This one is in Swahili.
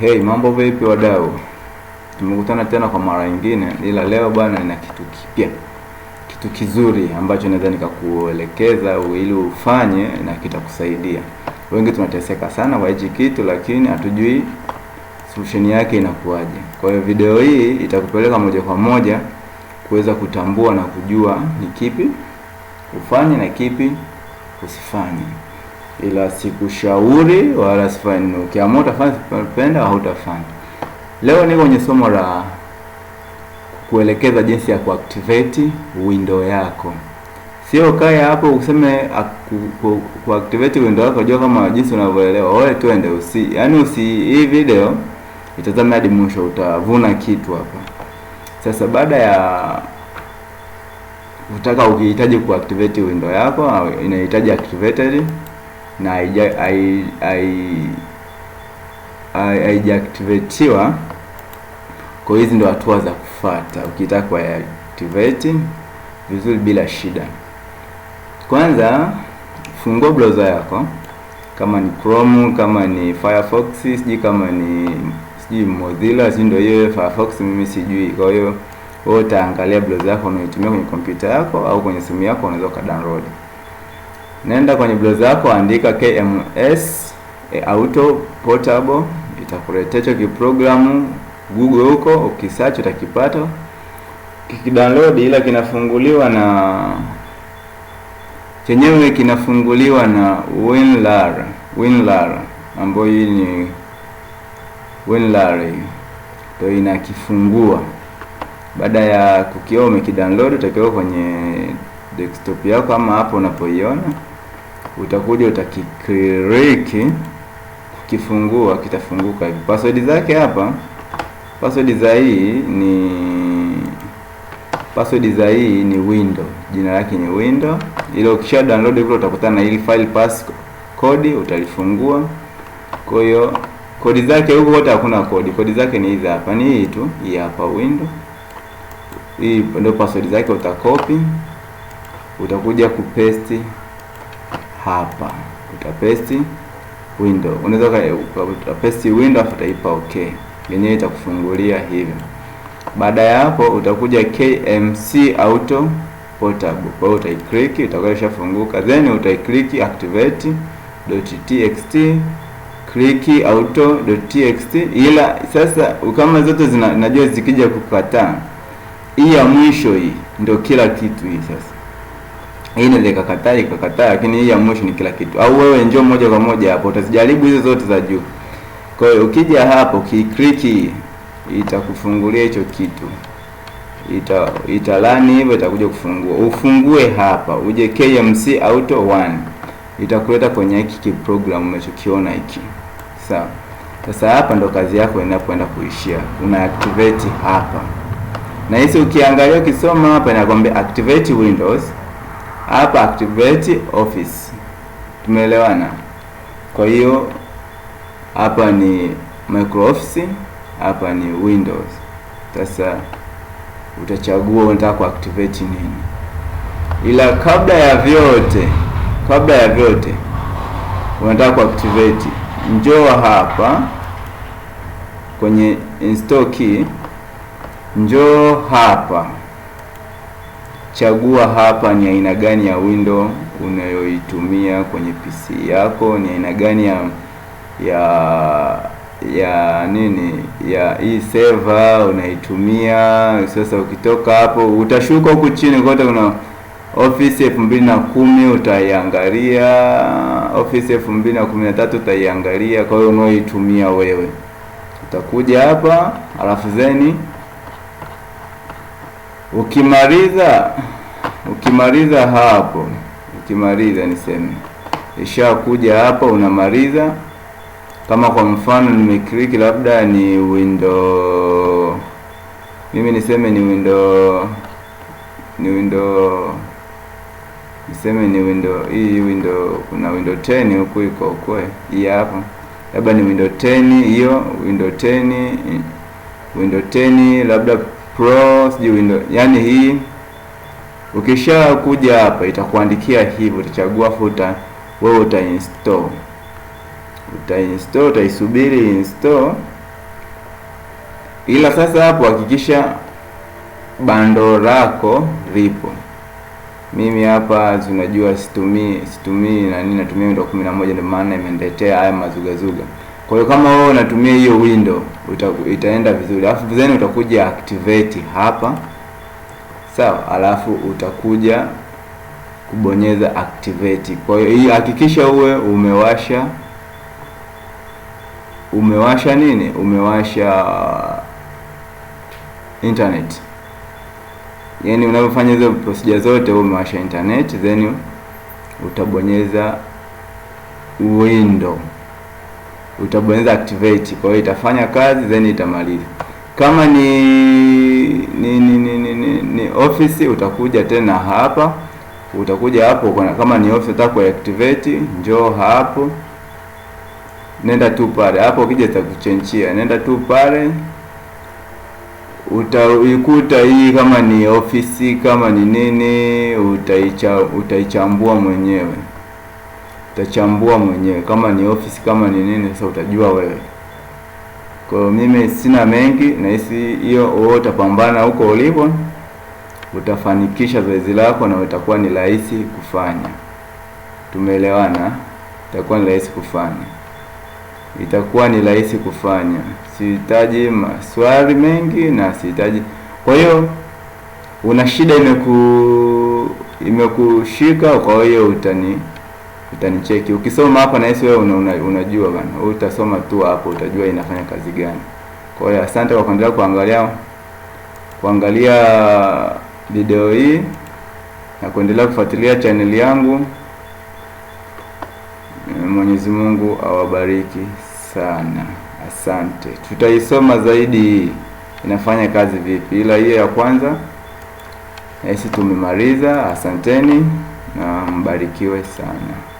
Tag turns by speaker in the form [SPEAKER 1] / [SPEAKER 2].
[SPEAKER 1] Hey, mambo vipi wadau, tumekutana tena kwa mara nyingine, ila leo bwana, nina kitu kipya, kitu kizuri ambacho naweza nikakuelekeza ili ufanye na kitakusaidia. Wengi tunateseka sana kwa hichi kitu, lakini hatujui solution yake inakuwaje. Kwa hiyo video hii itakupeleka moja kwa moja kuweza kutambua na kujua ni kipi ufanye na kipi usifanye ila sikushauri wala sifanye. Ukiamua utafanya, sipenda hautafanya. Leo niko kwenye somo la kuelekeza jinsi ya kuactivate window yako. Sio kaya hapo useme kuactivate window yako, jua kama jinsi unavyoelewa wewe. Twende usi, yani usi, hii video itazame hadi mwisho, utavuna kitu hapa. Sasa baada ya utaka ukihitaji kuactivate window yako, inahitaji activated na haijaactivatiwa. Kwa hizi ndo hatua za kufata ukitaka kuactivate vizuri bila shida. Kwanza fungua browser yako, kama ni Chrome, kama ni Firefox, sijui kama ni sijui Mozilla, sijui ndio hiyo Firefox, mimi sijui. Kwa hiyo wewe utaangalia browser yako unaitumia kwenye kompyuta yako au kwenye simu yako, unaweza ukadownload Nenda kwenye browser yako, andika KMS e, eh, auto portable, itakuletea hicho kiprogramu Google huko, ukisearch utakipata kikidownload, ila kinafunguliwa na chenyewe kinafunguliwa na WinRAR WinRAR, ambayo hii ni WinRAR ndio inakifungua. Baada ya kukiwa umekidownload, utakiwa kwenye desktop yako kama hapo unapoiona, utakuja utakiklik kifungua, kitafunguka hivi. Password zake hapa, password za hii ni password za hii ni window, jina lake ni window. Ile ukisha download hivyo utakutana na hili file pass code, utalifungua. Kwa hiyo kodi zake huko wote hakuna kodi, kodi zake ni hizi hapa, ni hii tu, hii hapa window. Hii ndio password zake, utakopi utakuja kupesti hapa, utapesti window, unaweza utapesti window afu utaipa okay, yenyewe itakufungulia hivyo. Baada ya hapo utakuja KMC auto portable, kwa hiyo utaiclick, itakuwa ishafunguka, then utaiclick activate .txt click auto.txt, ila sasa kama zote zinajua zikija kukataa, hii ya mwisho hii ndio kila kitu hii sasa hii inaweza ikakataa ikakataa, lakini hii ya mwisho ni kila kitu. Au wewe njoo moja kwa moja hapo, utazijaribu hizo zote za juu. Kwa hiyo ukija hapo ukikliki, itakufungulia hicho kitu, ita italani hivyo, itakuja kufungua. Ufungue hapa, uje KMC Auto 1 itakuleta kwenye hiki kiprogram unachokiona hiki, sawa. Sasa hapa ndo kazi yako inapoenda kuishia, una activate hapa na hisi. Ukiangalia ukisoma hapa inakwambia activate windows hapa activate office. Tumeelewana? Kwa hiyo hapa ni micro office, hapa ni windows. Sasa utachagua unataka kuactivate nini, ila kabla ya vyote, kabla ya vyote unataka kuactivate, njoo hapa kwenye install key, njoo hapa Chagua hapa ni aina gani ya window unayoitumia kwenye PC yako, ni aina gani ya ya ya nini ya hii server unaitumia. Sasa ukitoka hapo utashuka huku chini kote, kuna Office elfu mbili na kumi utaiangalia, Office elfu mbili na kumi na tatu utaiangalia. Kwa hiyo unaoitumia wewe utakuja hapa, alafu zeni Ukimaliza ukimaliza hapo, ukimaliza niseme ishakuja hapa, unamaliza. Kama kwa mfano nimeclick labda ni window, mimi niseme ni window ni window niseme ni window hii window, kuna window 10 huku iko huko, hii hapa labda ni window 10 hiyo, window 10 window 10 labda pro window, yani hii ukisha kuja hapa itakuandikia hivyo, utachagua futa wewe uta install uta install, utaisubiri install. Ila sasa hapo hakikisha bando lako lipo. Mimi hapa zinajua situmii situmii nani, natumia Windows 11 ndio maana imeniletea haya mazugazuga. Kwa hiyo kama wewe unatumia hiyo window uta, itaenda vizuri, alafu then utakuja activate hapa sawa, alafu utakuja kubonyeza activate. Kwa hiyo hii hakikisha uwe umewasha umewasha nini, umewasha internet. Yani unavyofanya hizo procedure zote wewe umewasha internet, then utabonyeza window utabonyeza activate, kwa hiyo itafanya kazi then itamaliza. Kama ni ni, ni, ni, ni, ni, ni office utakuja tena hapa, utakuja hapo kuna, kama ni office utaka activate, njoo hapo, nenda tu pale hapo, ukija takuchenchia nenda tu pale utaikuta hii kama ni ofisi kama ni nini, utaicha utaichambua mwenyewe utachambua mwenyewe, kama ni ofisi, kama ni nini, sasa utajua wewe. Kwa hiyo mimi sina mengi, nahisi hiyo, wewe utapambana huko ulipo, utafanikisha zoezi lako na itakuwa ni rahisi kufanya. Tumeelewana? Itakuwa ni rahisi kufanya, itakuwa ni rahisi kufanya. Sihitaji maswali mengi na sihitaji. Kwa hiyo una shida imeku imekushika, kwa hiyo utani utanicheki. Ukisoma hapa Yesu wewe una, una, unajua bana, wewe utasoma tu hapo utajua inafanya kazi gani. Kwa hiyo asante kwa kuendelea kuangalia kuangalia video hii na kuendelea kufuatilia channel yangu. Eh, Mwenyezi Mungu awabariki sana, asante. Tutaisoma zaidi inafanya kazi vipi, ila hiyo ya kwanza sisi tumemaliza. Asanteni na mbarikiwe sana.